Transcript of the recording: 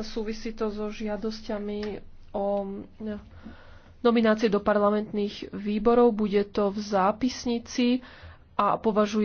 súvisí to so žiadosťami o no, nominácie do parlamentných výborov. Bude to v zápisnici a považuje